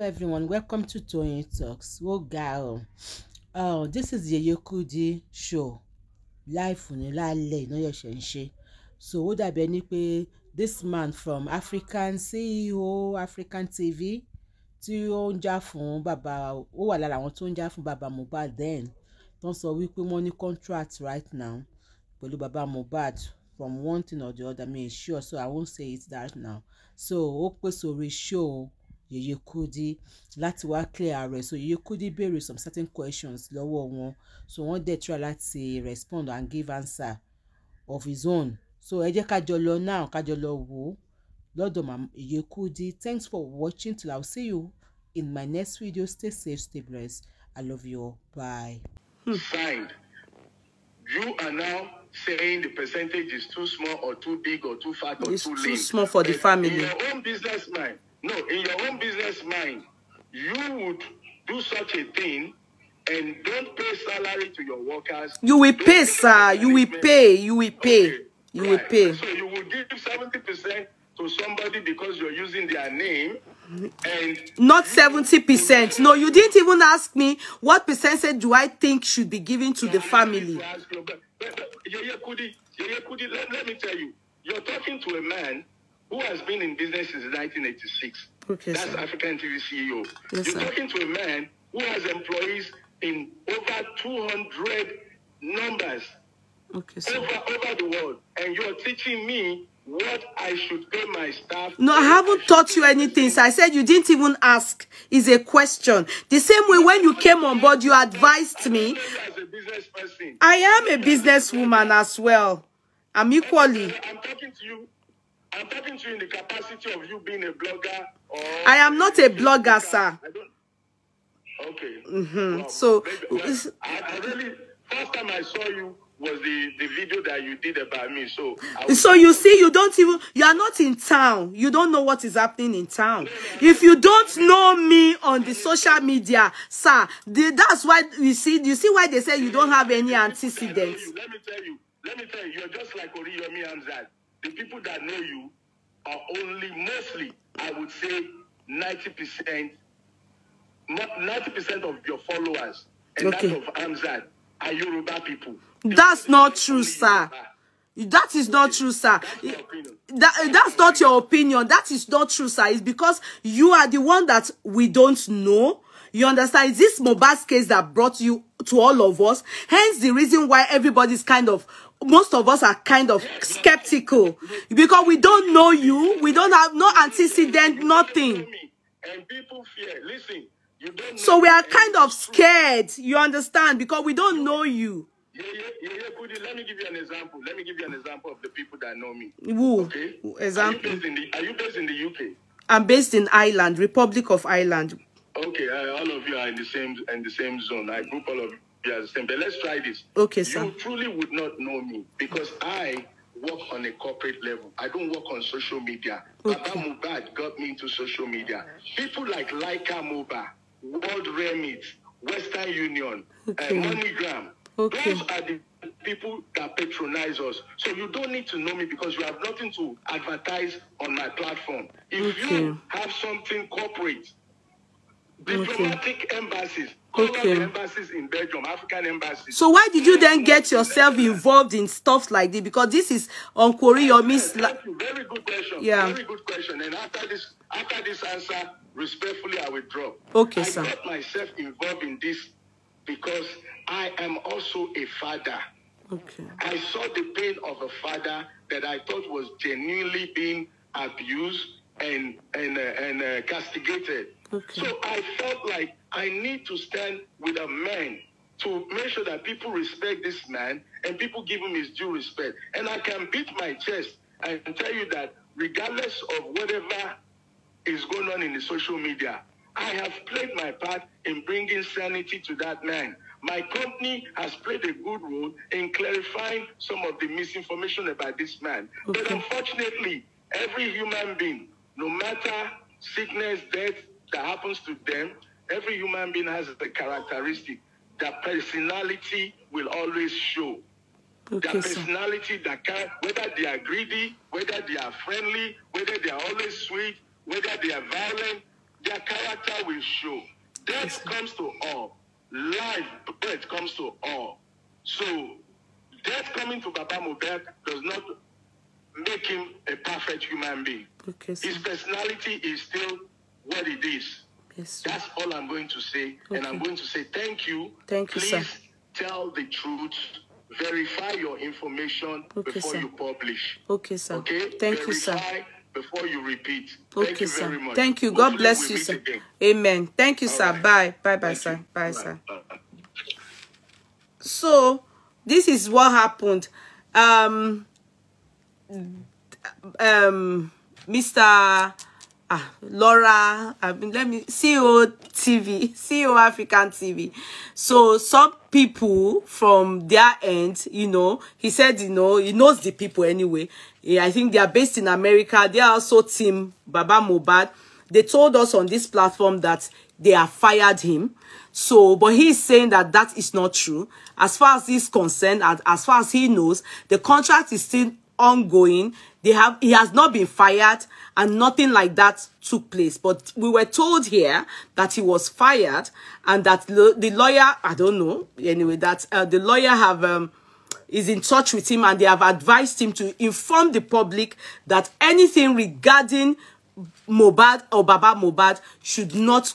Hello everyone, welcome to Toyeen Talks. Oh girl. Oh, this is the Kudi show. Life ni lálẹ́ iná yẹ̀ṣẹ̀ ń ṣe. So ó dàbí ẹni pé this man from African CEO African TV tí ó ń jà fún bàbá ó wà lára àwọn tó ń jà fún bàbá Mohbad then tó ń sọ wípé wọ́n ní contract right now pẹ̀lú Baba Mohbad from one thing or the other mi sure so I won't say it that now. So ó pèsè orí show Yèyé Kudi láti wá clear ààrẹ so Yèyé Kudi béèrè some certain questions lọ́wọ́ wọn so wọ́n dẹ̀ try láti respond and give answer of his own so ẹ jẹ́ ká jọ lọ now ká jọ lọ wò ó lọ́dọ̀ Yèyé Kudi thanks for watching till i see you in my next video stay safe stay blessed i love you all bye. Signed. Hmm. You are now saying the percentage is too small or too big or too fat or it's too lean. It's too small for the family. In your own business mind, No, in your own business mind, you would do such a thing and don't pay salary to your workers. You will don't pay, sir. You will pay. You will pay. Okay. You will pay. So you will give 70% to somebody because you're using their name. And not 70%. No, you didn't even ask me what percentage do I think should be given to the family. Let, let me tell you, you're talking to a man who has been in business since 1986. Okay, That's sir. African TV CEO. Yes, You're sir. talking to a man who has employees in over 200 numbers okay, sir. Over, over the world. And you're teaching me what I should pay my staff. No, I haven't taught you anything. I said you didn't even ask. Is a question. The same way when you came on board, you advised me. I am a businesswoman as well. I'm equally. I'm talking to you I'm talking to you in the capacity of you being a blogger or. I am not a blogger, sir. I don't. Okay. Mm-hmm. Wow. So. Well, I, I really first time I saw you was the, the video that you did about me. So So you see, you don't even you are not in town. You don't know what is happening in town. If you don't know me on the social media, sir, the, that's why you see you see why they say you don't have any antecedents. Let me tell you, let me tell you, you're just like Oriyomi Hamzat. the people that know you are only mostly, I would say, 90%, 90% of your followers and okay. that of Amzad are Yoruba people. That's not true, sir. That is not true, sir. That's, that, eh, that's not your opinion. That is not true, sir. It's because you are the one that we don't know. You understand? It's this Mobas case that brought you to all of us. Hence the reason why everybody's kind of most of us are kind of skeptical because we don't know you. We don't have no antecedent, nothing. So we are kind of scared, you understand, because we don't know you. Let me give you an example. Let me give you an example of the people that know me. Who? Okay. Example. Are you, the, are you based in the UK? I'm based in Ireland, Republic of Ireland. Okay, uh, all of you are in the same in the same zone. I group all of you are the same. But let's try this. Okay, sir. You truly would not know me because I work on a corporate level. I don't work on social media. Okay. Baba Mubad got me into social media. People like Laika Moba, World Remit, Western Union, uh, okay. uh, MoneyGram. Okay. Those are the people that patronize us. So you don't need to know me because you have nothing to advertise on my platform. If okay. you have something corporate, diplomatic embassies, Okay. Belgium, so why did you then get yourself involved in stuff like this? Because this is on Korea or Miss. Very good question. Yeah. Very good question. And after this, after this answer, respectfully, I withdraw. Okay, I sir. I got myself involved in this because I am also a father. Okay. I saw the pain of a father that I thought was genuinely being abused and and uh, and uh, castigated Okay. So I felt like I need to stand with a man to make sure that people respect this man and people give him his due respect. And I can beat my chest and tell you that regardless of whatever is going on in the social media, I have played my part in bringing sanity to that man. My company has played a good role in clarifying some of the misinformation about this man. Okay. But unfortunately, every human being, no matter sickness, death, that happens to them. Every human being has the characteristic. Their personality will always show. Okay, their personality, their character, whether they are greedy, whether they are friendly, whether they are always sweet, whether they are violent, their character will show. Death yes, comes to all. Life, death comes to all. So, death coming to Baba Mubek does not make him a perfect human being. Okay, His personality is still what it is. Yes, That's all I'm going to say. Okay. And I'm going to say thank you. Thank you, Please sir. tell the truth. Verify your information okay, before sir. you publish. Okay, sir. Okay? Thank Verify you, sir. Before you repeat. Okay, thank you sir. Very much. Thank you. God Hopefully bless you, sir. Again. Amen. Thank you, all sir. Right. Bye. Bye bye, sir. Bye, sir. Bye. So this is what happened. Um um Mr ah Laura I mean, let me CEO TV CEO African TV so some people from their end you know he said you know he knows the people anyway yeah, I think they are based in America they are also team Baba Mobad. they told us on this platform that they have fired him so but he is saying that that is not true as far as he's concerned as, as far as he knows the contract is still ongoing. They have, he has not been fired and nothing like that took place. But we were told here that he was fired and that the lawyer, I don't know, anyway, that uh, the lawyer have, um, is in touch with him and they have advised him to inform the public that anything regarding Mobad or Baba Mobad should not,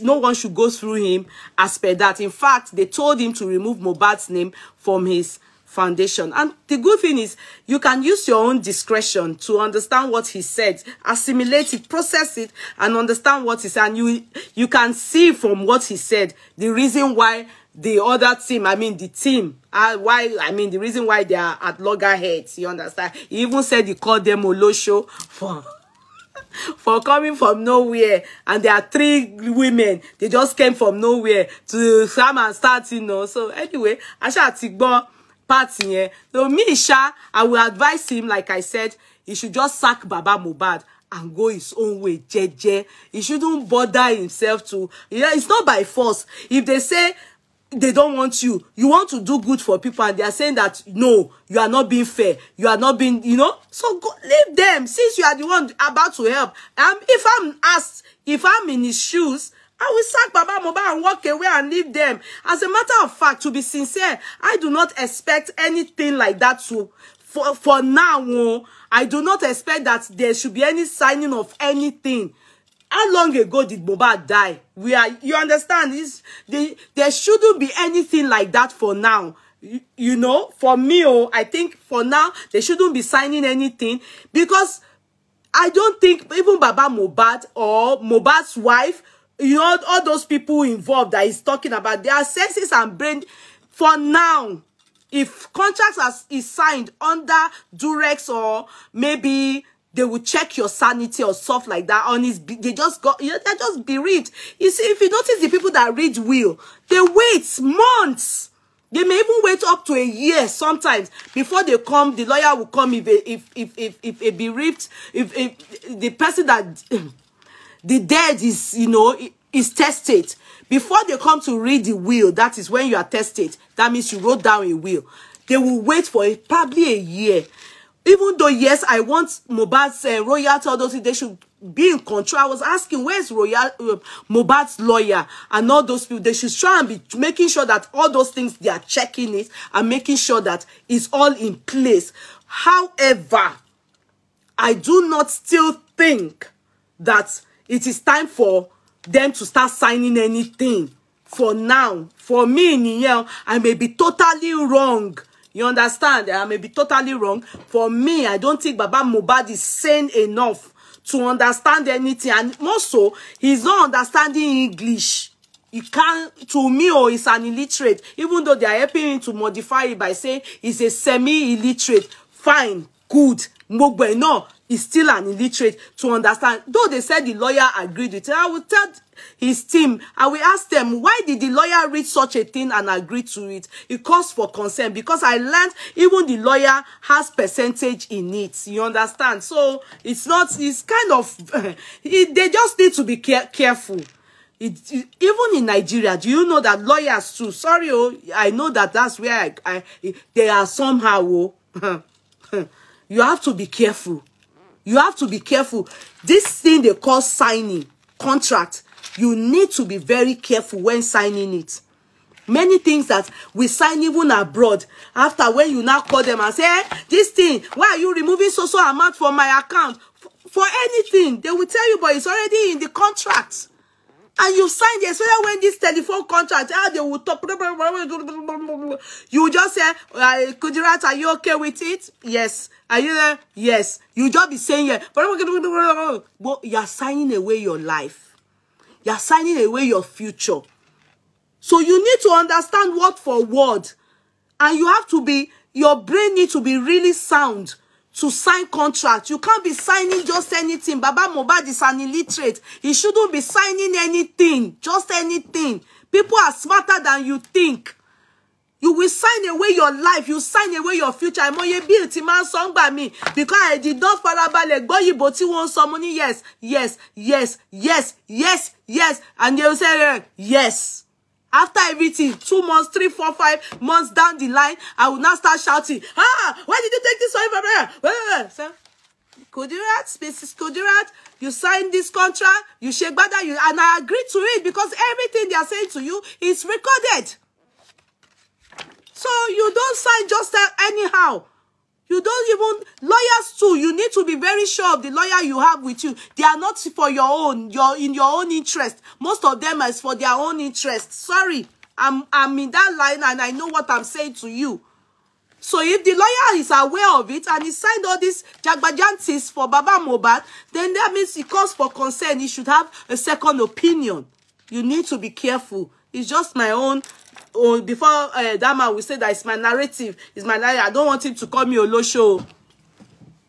no one should go through him as per that. In fact, they told him to remove Mobad's name from his foundation. And the good thing is you can use your own discretion to understand what he said, assimilate it, process it, and understand what he said. And you, you can see from what he said the reason why the other team, I mean the team, uh, why I mean the reason why they are at loggerheads, you understand? He even said he called them Olosho for for coming from nowhere and there are three women they just came from nowhere to come and start you know so anyway I shall take part yẹn so me ṣá i will advise him like i said he should just sack baba Mubad and go his own way jeje he shouldn't bother himself to yeah, it's not by force if they say they don't want you you want to do good for people and they are saying that no you are not being fair you are not being you know so go leave them since you are the one about to help um if i'm asked if i'm in his shoes I will sack Baba Moba and walk away and leave them. As a matter of fact, to be sincere, I do not expect anything like that to for, for now. Oh. I do not expect that there should be any signing of anything. How long ago did Moba die? We are you understand this the, there shouldn't be anything like that for now. You, you know, for me, oh, I think for now they shouldn't be signing anything because I don't think even Baba Mobad or Mobad's wife you know, all those people involved that he's talking about, their senses and brain for now. If contracts as is signed under Durex or maybe they will check your sanity or stuff like that. On his, they just got, you know, they're just bereaved. You see, if you notice the people that read will, they wait months. They may even wait up to a year sometimes before they come. The lawyer will come if a, if if if, if a bereaved, if, if the person that the dead is, you know, is tested. Before they come to read the will, that is when you are tested. That means you wrote down a will. They will wait for it, probably a year. Even though, yes, I want Mobad's uh, royalty, all those they should be in control. I was asking, where's Royal uh, Mobad's lawyer and all those people? They should try and be making sure that all those things they are checking it and making sure that it's all in place. However, I do not still think that it is time for them to start signing anything for now for me nìyẹn i may be totally wrong you understand i may be totally wrong for me i don't think baba Mohbad is sane enough to understand anything and more so he's not understanding english he can't. to me or oh, he's an illiterate even though they are helping him to modify it by saying he's a semi illiterate fine good gbogbo ẹ̀ He's still an illiterate to understand though they said the lawyer agreed with it i will tell his team i will ask them why did the lawyer read such a thing and agree to it it calls for concern because i learned even the lawyer has percentage in it you understand so it's not it's kind of it, they just need to be care careful it, it, even in Nigeria, do you know that lawyers too? Sorry, oh, I know that that's where I, I there are somehow. Oh, you have to be careful you have to be careful this thing they call signing contract you need to be very careful when signing it many things that we sign even abroad after when you now call them and say hey, eh, this thing why are you removing so so amount from my account for, anything they will tell you but it's already in the contract and you sign the So when this telephone contract how ah, they will talk You just say, uh, Kudirat, are you okay with it? Yes. Are you there? Yes. You just be saying, yeah. But you're signing away your life. You're signing away your future. So you need to understand word for word. And you have to be, your brain need to be really sound to sign contract. You can't be signing just anything. Baba Mobad is an illiterate. He shouldn't be signing anything, just anything. People are smarter than you think you will sign away your life you sign away your future àìmọye bill ti máa ń sọ ń gbà mí because I did not farabalẹ̀ gbọ́ ìbò tí wọ́n ń sọ mo ní yes yes yes yes yes yes and they will say yes after everything two months three four five months down the line I will now start shouting ah why did you take this one from here well sir Kudirat Mrs Kudirat you sign this contract you ṣe gbada you and I agree to it because everything they are saying to you is recorded. So you don't sign just uh, anyhow. You don't even lawyers too. You need to be very sure of the lawyer you have with you. They are not for your own, your in your own interest. Most of them is for their own interest. Sorry, I'm I'm in that line and I know what I'm saying to you. So if the lawyer is aware of it and he signed all these jagbajantis for Baba Mohbad, then that means he calls for concern. He should have a second opinion. You need to be careful. It's just my own oh, before uh, that man will say that it's my narrative, it's my narrative. I don't want him to call me Olosho.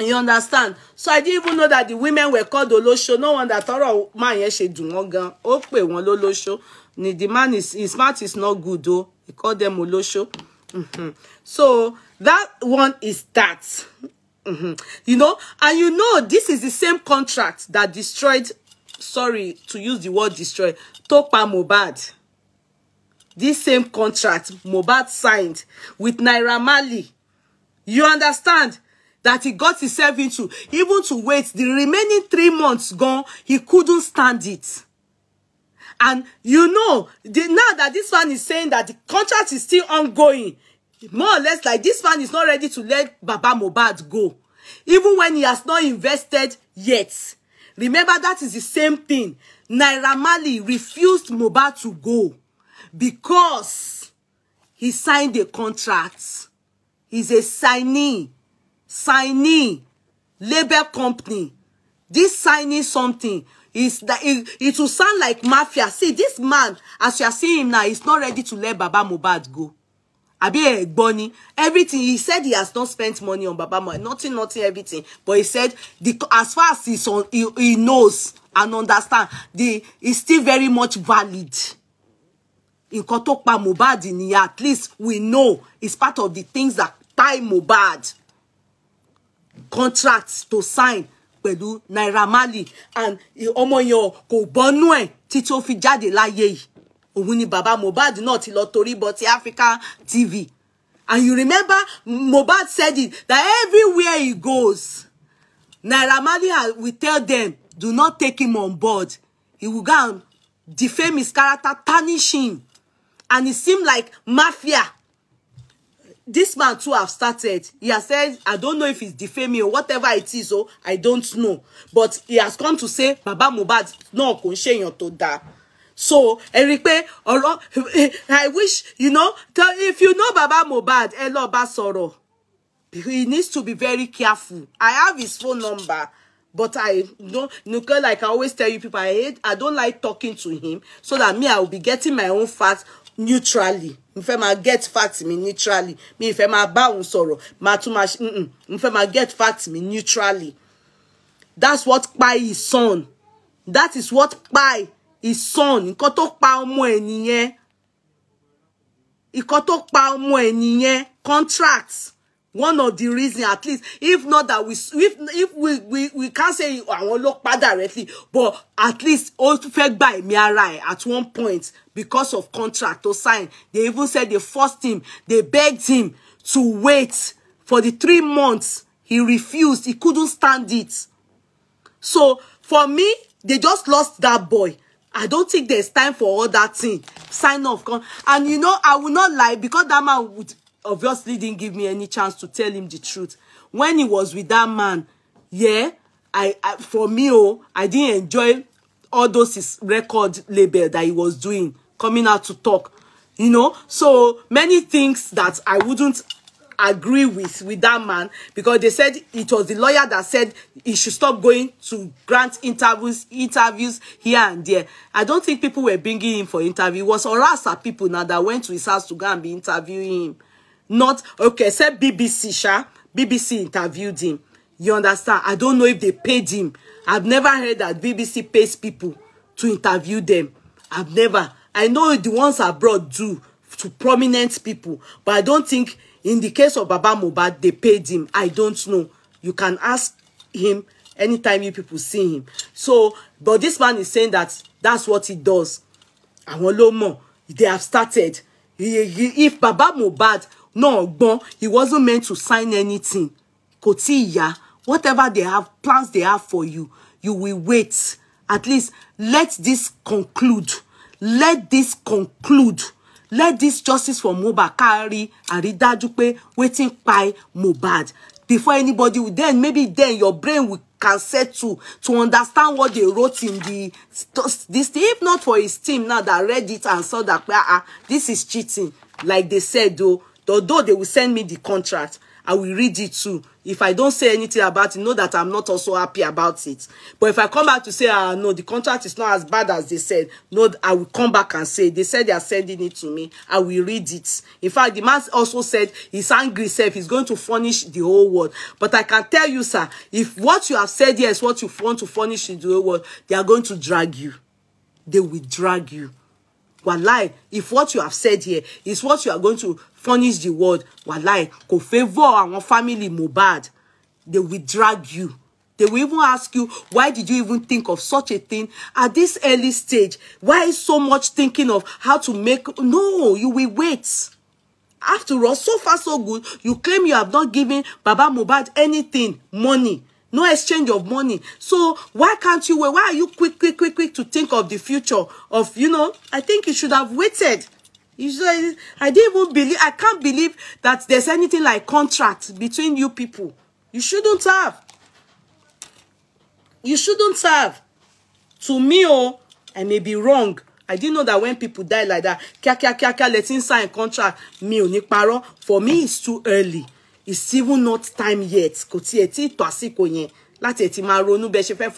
You understand? So I didn't even know that the women were called Olosho. No wonder tọrọ man yẹn she dùn wọ́n gan. Ó pè the man is his mouth is not good though. He called them Olosho. Mm-hmm. So that one is that. Mm-hmm. You know, and you know this is the same contract that destroyed, sorry to use the word destroy, tó pa Mohbad this same contract Mohbad signed with Naira Mali. You understand? that he got himself into, even to wait the remaining three months gone, he couldn't stand it. And you know, the, now that this one is saying that the contract is still ongoing, more or less like this one is not ready to let Baba Mohbad go, even when he has not invested yet. Remember, that is the same thing. Naira Mali refused Mohbad to go because he signed a contract. He's a signee, signee, labor company. This signing something is that it, it will sound like mafia. See, this man, as you are seeing him now, he's not ready to let Baba Mohbad go. a bunny. everything he said he has not spent money on Baba Mohbad, nothing, nothing, everything. But he said the as far as he's on, he, he knows and understand the is still very much valid nǹkan tó pa Mohbad nìyẹn at least we know it's part of the things that tie Mohbad contract to sign pẹ̀lú Naira Marley and ọmọ yẹn kò bọ́nú ẹ̀ títí ó fi jáde láyé yìí òun ni bàbá Mohbad náà ti lọ torí bọ ti Africa TV and you remember Mohbad said it that everywhere he goes Naira Marley will tell them do not take him on board he will go and defame his character tarnish him and it seemed like mafia this man too have started he has said i don't know if he's defaming or whatever it is so oh, i don't know but he has come to say baba Mubad no kò your ṣèyàn so Eric, i wish you know if you know baba Mubad, hello lọ́ọ́ bá he needs to be very careful i have his phone number but i don't nuka like i always tell you people i hate i don't like talking to him so that me i will be getting my own facts neutrally n fẹ́ máa get fat mi neutrally mi fẹ́ máa bá òun sọ̀rọ̀ máa tún máa n fẹ́ máa get fat mi neutrally that's what pa his son that is what pa his son nǹkan tó pa ọmọ ẹ̀ nìyẹn nǹkan tó pa ọmọ ẹ̀ nìyẹn contract one of the reason at least if not that we if if we we, we can't say àwọn look pa directly but at least ó fẹ́ gba ẹ̀mí at one point because of contract to sign they even said they forced him they begged him to wait for the three months he refused he couldn't stand it so for me they just lost that boy I don't think there's time for all that thing. Sign off. And you know, I will not lie because that man would obviously didn't give me any chance to tell him the truth. When he was with that man, yeah, I, I for me, oh, I didn't enjoy all those his record label that he was doing, coming out to talk. You know, so many things that I wouldn't agree with with that man because they said it was the lawyer that said he should stop going to grant interviews interviews here and there i don't think people were bringing him for interview it was orasa people now that went to his house to go and be interviewing him not okay except bbc sha bbc interviewed him you understand i don't know if they paid him i've never heard that bbc pays people to interview them i've never i know the ones abroad do to prominent people but i don't think in the case of baba mohbad they paid him i don't know you can ask him anytime you people see him so but this man is saying that that's what he does àwọn ló mọ they have started if baba mohbad náà gbọ́n he wasn't meant to sign anything kò tí ì whatever they have plans they have for you you will wait at least let this conclude let this conclude let this justice for Mohbad carry àrídájú pé wetin kpai Mohbad before anybody will then maybe then your brain will can settle to understand what they wrote in the this if not for his team now that read it and saw that ah, ah this is cheating like they said though although they will send me the contract I will read it too. If I don't say anything about it, know that I'm not also happy about it. But if I come back to say, ah, no, the contract is not as bad as they said, no, I will come back and say, they said they are sending it to me. I will read it. In fact, the man also said he's angry, self. He's going to furnish the whole world. But I can tell you, sir, if what you have said here is what you want to furnish the whole world, they are going to drag you. They will drag you. lie. if what you have said here is what you are going to furnish the world Walai. kò favour àwọn family Mohbad they will drag you they will even ask you why did you even think of such a thing at this early stage why so much thinking of how to make no you will wait after all so far so good you claim you have not given Baba Mohbad anything money no exchange of money so why can't you wait why are you quick quick quick quick to think of the future of you know I think you should have waited Usually, I didn't even believe, I can't believe that there's anything like contract between you people. You shouldn't have. You shouldn't have. To me, oh, I may be wrong. I didn't know that when people die like that, kia kia kia kia, let's sign contract. me ò ní For me, it's too early. It's even not time yet. Koti eti toasi tó àsìkò yẹn. Láti ẹ̀ ti máa ronú bẹ́ẹ̀ ṣe fẹ́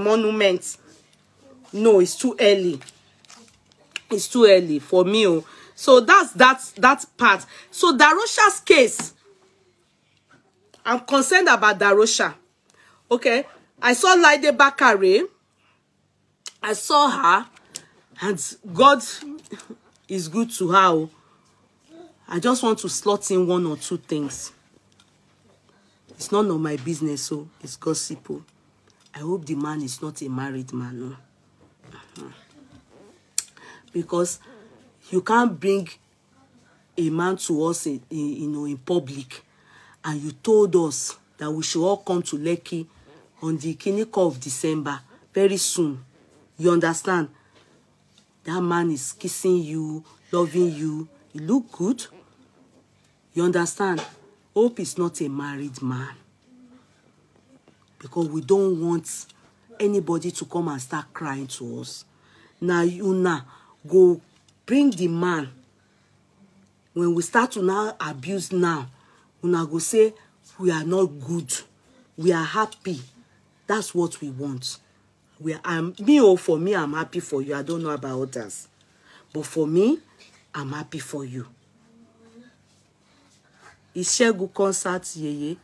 monument. No, it's too early it's too early for me oh. so that's that's that part so Darosha's case I'm concerned about Darosha okay I saw Laide Bakare I saw her and God is good to her oh. I just want to slot in one or two things it's none of my business so oh. it's gossip o oh. I hope the man is not a married man no. Uh-huh because you can't bring a man to us in, in, you know, in public and you told us that we should all come to Lekki on the clinic of December very soon. You understand? That man is kissing you, loving you. You look good. You understand? Hope is not a married man. Because we don't want anybody to come and start crying to us. Now, you now, go bring the man when we start to now abuse now una go say we are not good we are happy that's what we want we are I'm me oh for me i'm happy for you i don't know about others but for me i'm happy for you good concert yeye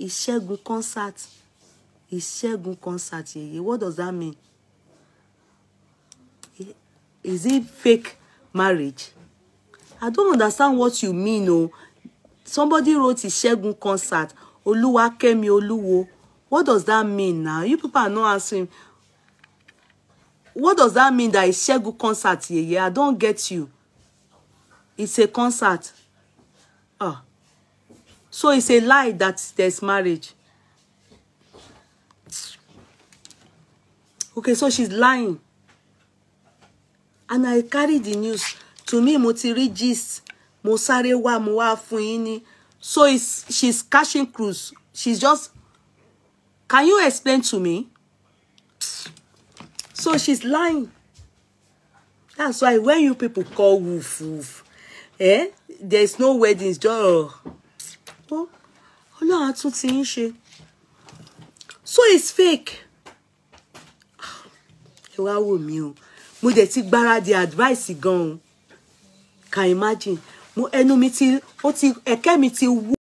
ìṣẹ́gun concert ìṣẹ́gun concert yeye what does that mean is it fake marriage i don't understand what you mean oh. somebody wrote ìṣẹ́gun concert Oluwa olúwakẹ́mi Oluwo." what does that mean now you people are not answering what does that mean that ìṣẹ́gun concert yeye i don't get you it's a concert ah so it's a lie that there's marriage okay so she's lying and i carry the news to me mo ti rí gist mo sáré wá mo wá fún yín ní so it's, she's cashing cruise she's just can you explain to me so she's lying that's why when you people call woof woof eh there's no weddings just oh Ọlọ́run tún ti ń ṣe so it's fake ah, ẹ wá wò mí o mo dẹ̀ ti gbáradì advice gan-an can imagine mo ẹnu mi ti ó mi ti wú.